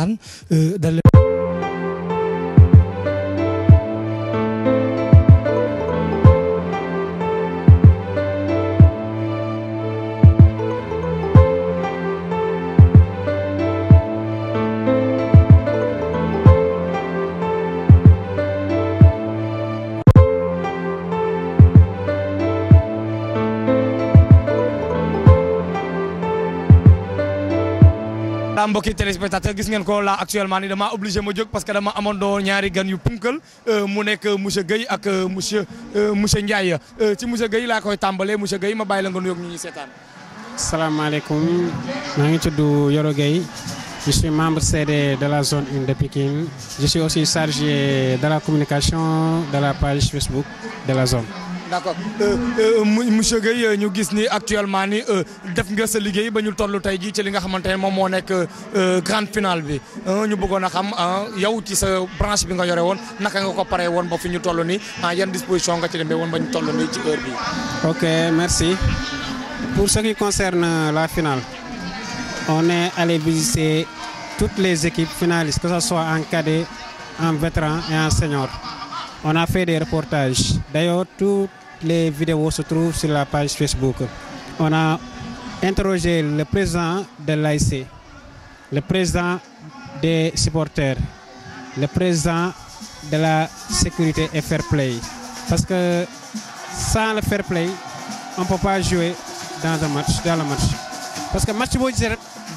alquran e, daa mbokki téléspectateur gis ngeen ko la actuellement ni dama obligé ma jóg parce que dama amoon doo ñaari gan yu punkal euh, mu nekk euh, monsieur Guèye ak euh, monsieur monsieur Ndiaye ci monsieur Guèye laa koy tàmbalee monsieur Guèye ma bàyyi la nga nuyoog ñu ñuy seetaan. salaamaaleykum maa ngi tudd Yoro gay je suis membre CD de la zone 1 de Pikine je suis aussi chargé de la communication de la page Facebook de la zone. Euh, euh, mu monsieur Guèye ñu gis ni actuellement ni euh, def nga sa liggéey ba ñu toll tey jii ci li nga xamante ne moom moo nekk grande finale bi ñu bëggoon a xam ah, yow ci sa branche bi nga yore woon naka nga ko paree woon ba fi ñu toll nii ah, yan disposition nga ci demee woon ba ñu tollu nii ci bi ok merci pour ce qui concerne la finale on est allé visiter toutes les équipes finalistes que ce soit en cadet en vétéran et en senior on a fait des reportages. D'ailleurs, toutes les vidéos se trouvent sur la page Facebook. On a interrogé le président de l'AIC, le président des supporters, le président de la sécurité et fair play. Parce que sans le fair play, on peut pas jouer dans un match, dans le match. Parce que match,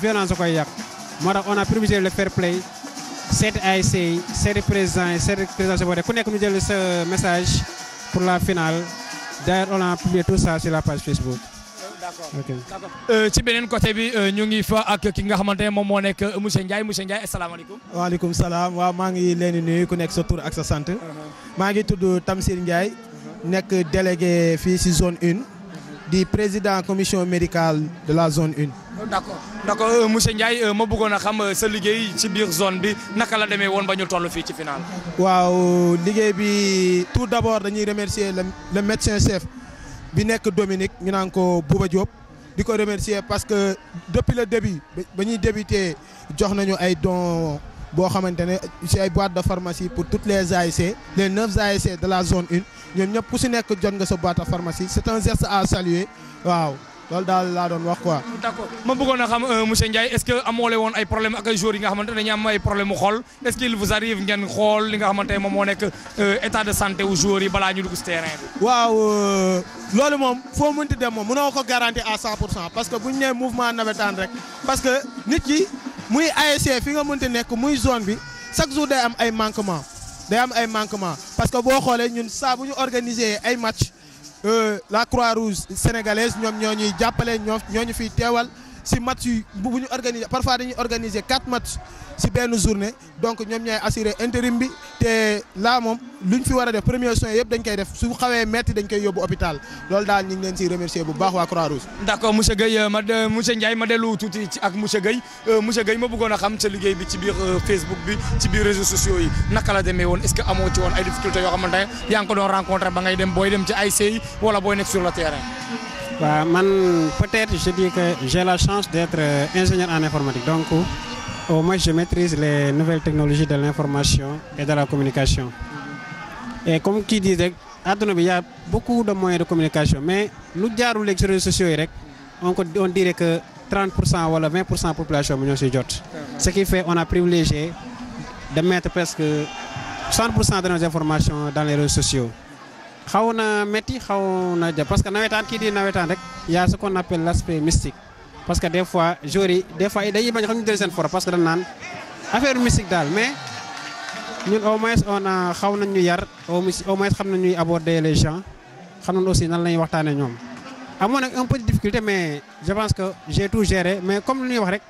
violence, on a privilégié le fair play seeti ASC yi seeti président yi seeti président supporter nekk ñu jël sa message pour la finale d'ailleurs on a publié tout ça sur la page Facebook. d'accord euh, ci beneen côté bi euh, ñu ngi fa ak ki nga xamante ne moom moo nekk euh, monsieur Ndiaye monsieur Ndiaye asalaamaaleykum. waaleykum salaam waaw maa ngi leen nuy ku nekk sa tur ak sa sant. Uh-huh. maa ngi tudd Tamsir Ndiaye. Uh-huh. nekk délégué fii ci zone une di président commission médicale de la zone 1. d'accord d'accord euh, monsieur Ndiaye euh, ma bëggoon a xam euh, sa liggéey ci biir zone bi naka la demee woon ba ñu toll fii ci final. waaw liggéey bi tout d'abord dañuy remercier la le médecin chef bi nekk Dominique ñu naan ko Bouba Diop di ko remercier parce que depuis le début ba ñuy débuté jox nañu ay dons boo xamante ne ci ay boîte de pharmacie pour toutes les ASC les neuf ASC de la zone une ñoom ñëpp ku si nekk jot nga sa boîte de pharmacie c'est un geste à saluer waaw. loolu daal laa doon wax quoi. d' accord ma bëggoon a xam euh, monsieur Ndiaye est ce que amoole woon ay problème ak ay nga xamante ne dañuy ay problème mu xool est ce que il vous arrive ngeen xool li nga xamante ne moo nekk euh, état de santé wu joueurs yi balaa ñu dugg si bi. waaw euh, loolu moom foo mënti dem moom mënoo ko garanti à 100 pour cent parce que bu ñu nee mouvement nawetaan rek parce que nit ki muy ASC fi nga mënti nekk muy zone bi chaque jour day am ay manquement day am ay manquement parce que Euh, la Croix-Rouge sénégalaise ñoom ñoo ñuy jàppale ñoo ñoo ñu fiy teewal si match yu bu ñu organiser parfois dañuy organiser quatre matchs si benn journée donc ñoom ñooy assurer intérim bi te laa moom lu ñu fi war a def premiers soins yëpp dañ koy def su xawee metti dañ koy yóbbu hôpital loolu daal ñu ngi leen siy remercier bu baax waa Croix-Rouge. d'accord monsieur Guèye euh, ma euh, monsieur Ndiaye ma dellu tuuti euh, a xam sa liggéey bi ci biir Facebook bi ci biir réseaux sociaux yi naka la demee woon est-ce que amoo ci woon ay difficultés yoo xamante ne yaa ngi ko doon rencontré ba ngay dem booy waaw man peut-être je dis que j'ai la chance d'être euh, ingénieur en informatique donc au moins je maîtrise les nouvelles technologies de l'information et de la communication et comme qui dit rek adduna bi y beaucoup de moyens de communication mais lu jaarul léegi réseaux sociaux yi rek on dire on dirait que pour cent wala 20 pour cent population bi ñoo siy jot. ce qui fait on a privilégié de mettre presque 100 cent de nos informations dans les réseaux sociaux. xaw na métti xaw na jàpp parce que nawetaan kii di nawetaan rek y a ce qu'on appelle l'aspect mystique parce que des fois joueurs yi des fois dañuy bañ xam ñu jël seen foro parce que dañ naan affaire mystique daal mais ñun au moins on a xaw nañ ñu yar au moins xam nañ ñuy aborder les gens xam na aussi nan la ñuy waxtaanee ñoom. amoon nag un peu difficulté mais je pense que j'ai tout géré mais comme lu ñuy wax rek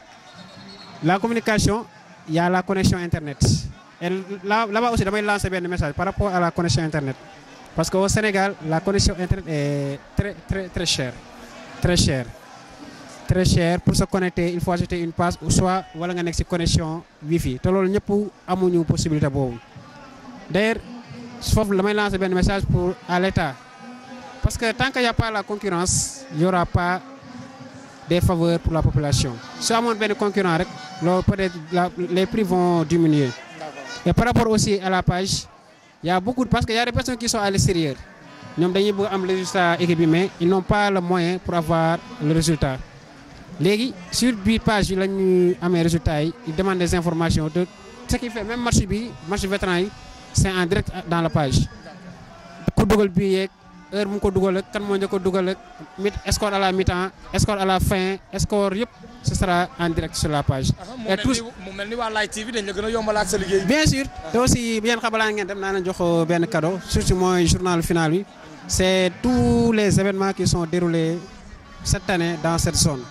la communication y a la connexion internet et là là-bas aussi damay lancer benn Parce que qu'au Sénégal, la connexion Internet est très, très, très chère. Très chère. Très chère. Pour se connecter, il faut acheter une passe ou soit voilà, une connexion Wi-Fi. te loolu monde a une boobu D'ailleurs, la le lance un message pour, à l'État. Parce que tant que n'y la concurrence, il n'y aura pas des faveurs pour la population. Si rek a un concurrent, les prix vont diminuer. Et par rapport aussi à la page, y a beaucoup parce qu'il y a des personnes qui sont à l'extérieur ñoom dañuy bëgg am résultat équipe bi mais ils n'ont pas le moyen pour avoir le résultat léegi sur biir page yi la amee résultat yi ils demandent des informations de ce qui fait même marché bi match vétéran yi c'est en direct dans la page ku dugal bi yeeg heure bu mu ko dugal ak kan moo njëkk a dugal ak mit score à la mi-temps score à la fin score yëpp ce sera en direct sur la page. Ah, ah, et tous mu mel ni waa sa liggéey. bien sûr te aussi yéen xabalaa ngeen dem naa leen jox euh, benn cadeau surtout mooy journal final bi c'est tous les événements qui sont déroulés cette année dans cette zone.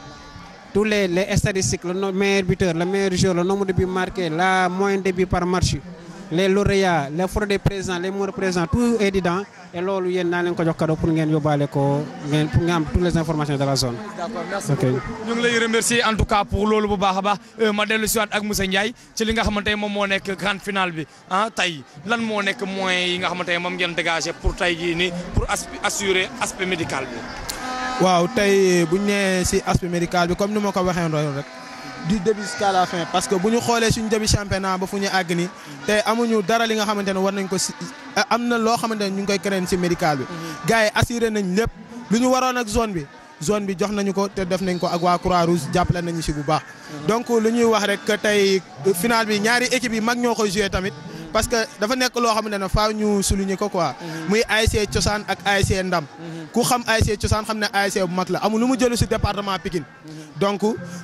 tous les statistiques le meilleur buteur le meilleur joueur le nombre de buts marqués la moyenne de buts par match les lauréats les forfaits des présidents les meilleurs présidents tout et loolu yéen naa ko jox cadeau pour ngeen yóbbaale ko ngeen pour les informations de la zone. d'accord merci ñu lay remercier en tout cas pour loolu bu baax a baax euh, ma dellu si waat ak Moussa Ndiaye ci li nga xamante ne moom moo nekk grande finale bi ah lan moo nekk mooy yi nga xamante ne moom ngeen dégager pour tey jii nii pour assurer aspect médical bi. waaw tey bu ñu nee si aspect médical bi comme ni ma ko waxee rek. di début jusqu'à fin parce que bu ñu xoolee suñu début championnat ba fu ñu àgg ni tey amuñu dara li nga xamante ne war nañ ko si eh, am na loo xamante ne ñu ngi koy keneen si médical bi mhm. gars yi assuré nañ lépp lu ñu waroon ak zone bi zone bi jox nañu ko te def nañ ko ak waa Croix Rouge jàppale nañu si bu baax mhm. donc lu ñuy wax rek tey euh, final bi ñaari équipe yi mag ñoo koy joué tamit parce que dafa nekk loo xamante ne faa ñu souligner ko quoi. Mhm. muy ASC cosaan ak ASC ndam. Mhm. ku xam ASC cosaan xam ne ASC bu mag la amul lu mu jëlu si département pikin mhm. donc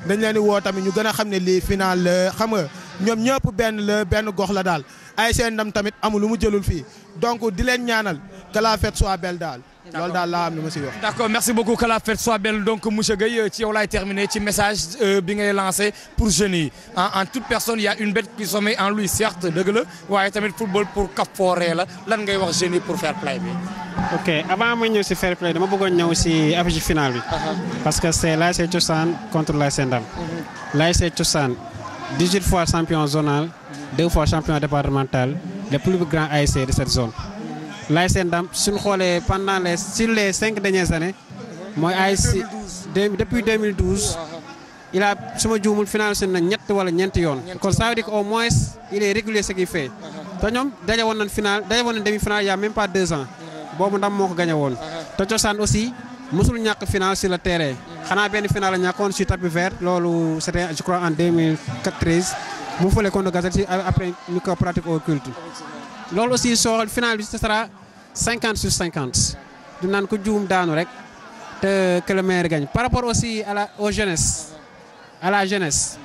dañ leen di woo tamit ñu gën a xam ne lii final la xam nga ñoom ñëpp benn la benn gox la daal ASC ndam tamit amul lu mu jëlul fii donc di leen ñaanal que la fête soit belle daal. loolu daal laa am lu ma si wax. merci beaucoup que fête soit belle donc monsieur Guèye ci yow laay terminer ci message euh, bi ngay lancé pour jeunes yi en toute personne y' une bête qui en lui certes dëgg la waaye tamit football pour cap fooree la lan ngay wax jeunes pour fair play bi. ok avant ma ñëw si fair play dama bëggoon ñëw si affiche finale bi. parce que c' est l'ASC Thiossane contre l'ASC Ndam. Mhm. l'ASC Thiossane 18 fois champion zonal 2 fois champion départemental le plus grand ASC Laye Sène Dame suñu xoolee pendant les sur les cinq dernières années mooy ASC depuis 2012 su ma juumul finalisé na ñett wala ñeenti yoon. kon ça veut dire que au moins il est régulier ce uh-huh. te ñoom daje woon nañ final daje woon nañ demi final y a même pas deux ans. Uh-huh. boobu ndam moo ko gagné woon. Uh-huh. te cosaan aussi mësul ñàkk final sur le terrain. xanaa benn final la ñàkkoon sur tapis vert loolu c' était je crois en 2013 mu fële contre Gazette après ñu ko pratique au culte. loolu aussi cinquante sur cinquante du naan ko juum daanu rek te que le gagne par rapport aussi à la aux jeunesse à la jeunesse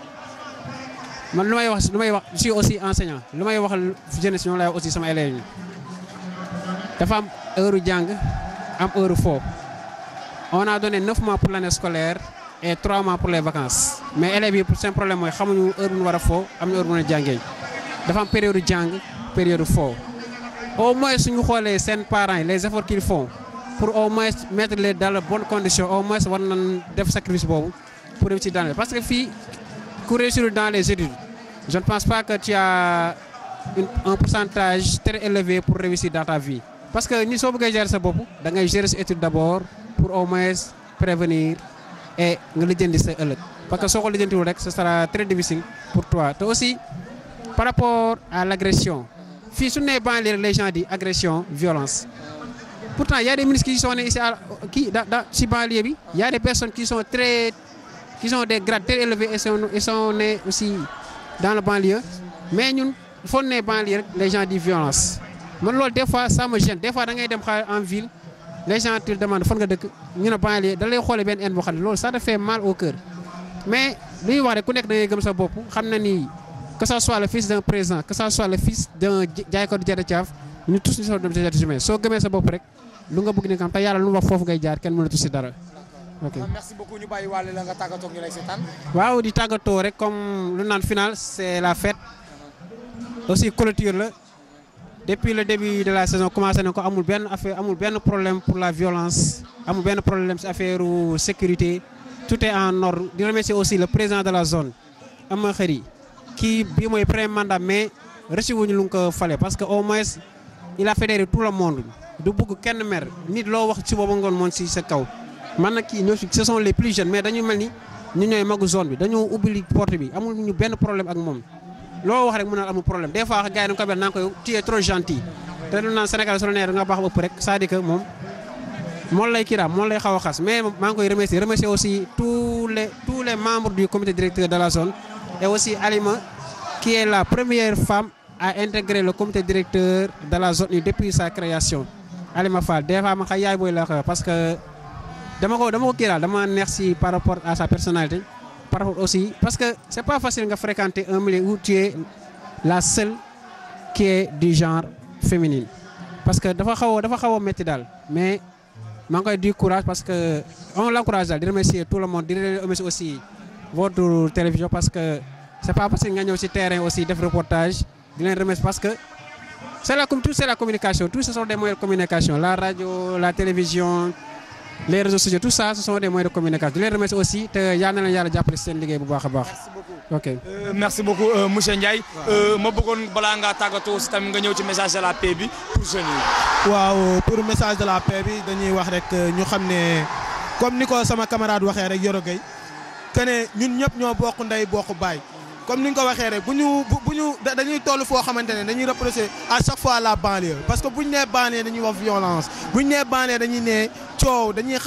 man lu may wax lu may wax je suis aussi enseignant lu may wax jeunesse ñoom lay aussi sama élèves yi dafa am heure jàng am heure foo on a donné 9 mois pour l'année scolaire et 3 mois pour les vacances mais élèves yi seen problème mooy xamuñu heure bu war a foo am na heure bu jàngee dafa am période jàng période foo. au moins suñu xoolee seen parents les efforts qu'ils font pour au moins mettre les dans les bonnes conditions au moins war nañ def sacrifice boobu pour réussir dans les parce que fii ku réussir dans les études je ne pense pas que tu as une un pourcentage très élevé pour réussir dans ta vie. parce que ni soo bëggee gérer sa bopp da ngay gérer sa étude d' abord pour au moins prévenir et nga lijjanti sa ëllëg parce que soo ko lijjantiwul rek ce sera très difficile pour toi te aussi par rapport à l' agression. fii su nee banlieue les gens di agression violence pourtant y a des ministres qui sont nés ici à kii da da si banlieue bi y a des personnes qui sont très qui sont des grades très élevés et sont aussi dans la mais ñun foog nee banlieue rek les gens di violence. man loolu des fois ça me gêne des fois da ngay dem xaar en ville les gens te demandent nga dëkk ñu ne banlieue da lay xoolee benn haine boo xam ne loolu ça te fait mal au cœur mais li ñuy wax rek ku nekk da gëm sa bopp xam na ni. que ça soit le fils que ça soit le soo gëmee sa bopp rek lu nga bëgg ni kam te yàlla lu mu wax foofu ngay jaar kenn mënatu si dara ok merci beaucoup ñu bàyyi waaw di tàggatoo rek comme lu naan final c'est la fête aussi clôture la depuis le début de la saison commencé na ko amul benn affaire amul benn problème pour la violence amul benn problème si affaire sécurité tout est en ordre di remercier aussi le président de la zone Ama Khary kii bii mooy premier mandat mais reçu wuñu fale parce que au moins il a fédéré tout le monde du bugg kenn mer nit loo wax ci booba ngoon moom si sa kaw. man nag kii ñoo ce sont les plus jeunes mais dañu mel ni ñu ñooy magu zone bi dañoo ubbi porte bi amul ñu benn problème ak moom loo wax rek mën naa amul problème des fois gars yi dañu ko mel naa koy tu es te du naan Sénégal su nga baax ba ëpp rek cest à moom. moom lay kiraam moom a mais maa ngi koy remercier remercier aussi tous les tous les membres du comité directeur de la zone et qui est la première femme à intégrer le comité directeur de la zone depuis sa création. Alima Fall des xay yaay booy la xew parce que dama ko dama ko daal dama neex si par rapport à sa personnalité par rapport aussi parce que c' est pas facile nga fréquenter un milieu où la seule qui est du genre féminine. parce que dafa xaw a dafa xaw a métti daal mais maa ngi koy di courage parce que on l' daal di remercier tout le monde di remercier aussi votre que. c'est pas possible nga ñëw ci terrain aussi def reportage di leen remercier parce que c'est la tout c'est la communication tout ce sont des moyens de communication la radio la télévision les réseaux sociaux tout ça ce sont des moyens de communication di leen remercier aussi te yal na leen yàlla jàppale seen liggéey bu baax a baax. ok merci beaucoup euh, euh, monsieur Ndiaye. Euh, ma bëggoon balaa ngaa tàggatoo si tamit nga ñëw ci message de la paix bi pour jeunes waaw pour message de la paix bi dañuy wax rek ñu xam ne comme ni ko sama camarade waxee rek Yoro Gueye que ñun ñëpp ñoo bokk ndey bokk baay. comme ni nga ko waxee rek bu ñu bu ñu dañuy toll foo xamante ne dañuy reprocher à chaque fois la banlieue parce que bu ñu nee banlieue dañuy wax violence bu ñu nee banlieue dañuy nee coow dañuy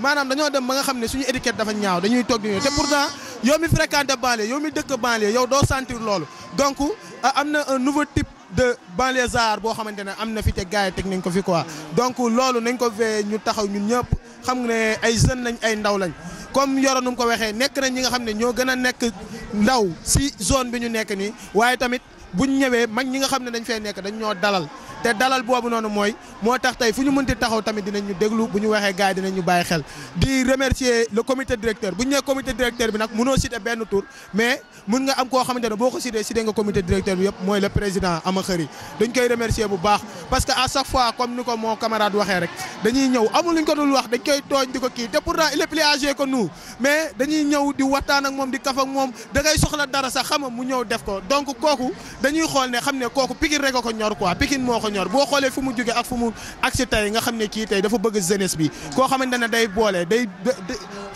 maanaam dañoo dem ba nga xam ne suñu étiquette dafa ñaaw dañuy toog di ñëw te pourtant yow mi fréquenté banlieue yow mi dëkk banlieue yow doo sentir loolu donc am na un nouveau type de banlieusard boo xamante ne am na fi te gars yi teg nañ ko fi quoi donc loolu nañ ko fee ñu taxaw ñun ñëpp xam nga ay jeunes lañ ay ndaw lañ comme yoro nu mu ko waxee nekk nañ ñi nga xam ne ñoo gën a nekk ndaw si zone bi ñu nekk nii waaye tamit bu ñu ñëwee mag ñi nga xam ne dañ fee nekk dañ ñoo dalal te dalal boobu noonu mooy moo tax tey fu ñu mënti taxaw tamit dinañ ñu déglu bu ñu waxee gars yi ñu bàyyi xel di remercier le comité directeur bu ñu nee comité directeur bi nag mënoo citer benn tour mais mun nga am koo xamante ne boo ko cité cité nga comité directeur bi yëpp mooy le président bu baax parce que à chaque fois comme ni ko moo camarade waxee rek dañuy ñëw amul luñ ko dul wax dañ koy tooñ di ko kii te pourtant il est plus âgé que nous mais dañuy ñëw ak moom di kaf ak moom da ngay soxla dara sax xam mu ñëw def ko donc kooku dañuy xool ne xam ne kooku Pikine rek ko ñor quoi ñor boo xoolee fu mu jógee ak fu mu agsi yi nga xam ne kii tey dafa bëgg jeunesse bi koo xamante ne day boole day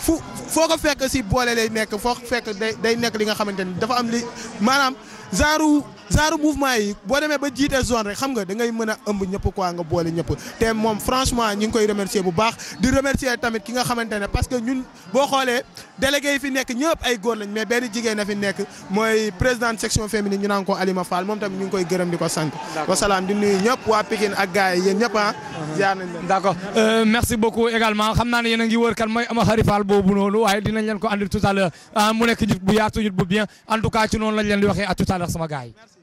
fu foo ko fekk si boole lay nekk foo ko fekk day day nekk li nga xamante ni dafa am li maanaam genre genre mouvement yi boo demee ba jiite zone rek xam nga da ngay mën a ëmb ñëpp quoi nga boole ñëpp te moom franchement ñu ngi koy remercier bu baax di remercier tamit ki nga xamante ne parce que ñun boo xoolee délégué yi fi nekk ñëpp ay góor lañ mais benn jigéen na fi nekk mooy présidente section féminine ñu naan ko Alima Fall moom tamit ñu ngi koy gërëm di ko sant wasalaam di nuyu ñëpp waa Pikine ak gars yi yéen ñëpp ah. mhm. euh, merci beaucoup également xam naa ne yéen a ngi wër kan mooy Ama Khary Fall boobu